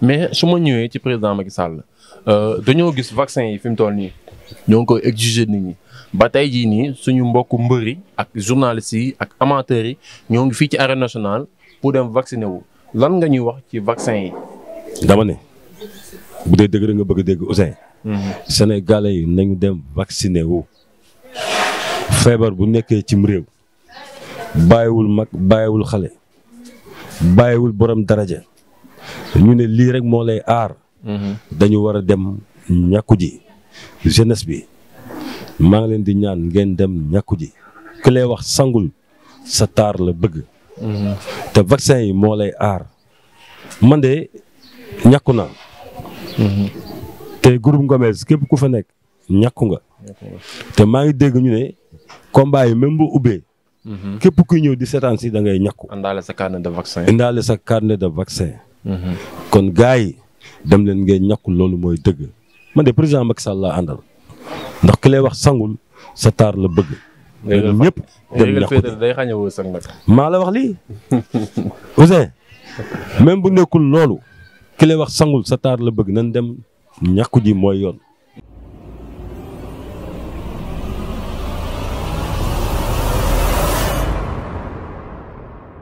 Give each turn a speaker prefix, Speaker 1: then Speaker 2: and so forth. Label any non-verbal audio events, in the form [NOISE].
Speaker 1: mais su ma ñëwee ci président Macky Sall euh, dañoo gis vaccin yi fi mu toll nii ñoo ngi koy exiger nit ñi ba tey jii nii suñu mbokk mbër yi ak journalistes yi ak amateurs yi ñoo ngi fii ci arène national pour dem vacciner wu lan nga ñuy wax ci vaccin yi.
Speaker 2: dama ne bu dee dëgg nga bëgg a dégg Ousseyn. Mhm. Sénégalais yi nañu dem vacciner wu. feebar bu nekkee cim réew bàyyiwul mag bàyyiwul xale bàyyiwul borom daraja. ñu ne lii rek moo lay aar. Mhm. dañu war a dem ñàkku ji jeunesse bi maa ngi leen di ñaan ngeen dem ñàkku ji ki lay wax sangul sa taar la bëgg. Mhm. te vaccin yi moo lay aar man de ñàkku na mhm. te groupe Ngomés képp ku fa nekk ñàkku nga. te maa ngi dégg ñu ne combat yi même bu ubbee. képp kuy ñëw di seetaan si dangay ngay ñàkku. sa carnet de vaccin. indaale sa carnet de vaccin. kon gars yi dem leen ngeen ñàkkul loolu mooy dëgg ma de président Macky Sall laa àndal ndax ki lay wax sangul sa taar la bëgg. ñëpp dem ñàkkul maa la wax li [LAUGHS] Ousseyn même bu nekkul loolu ki lay wax sangul sa taar la bëgg nan dem ñàkku ji mooy yoon.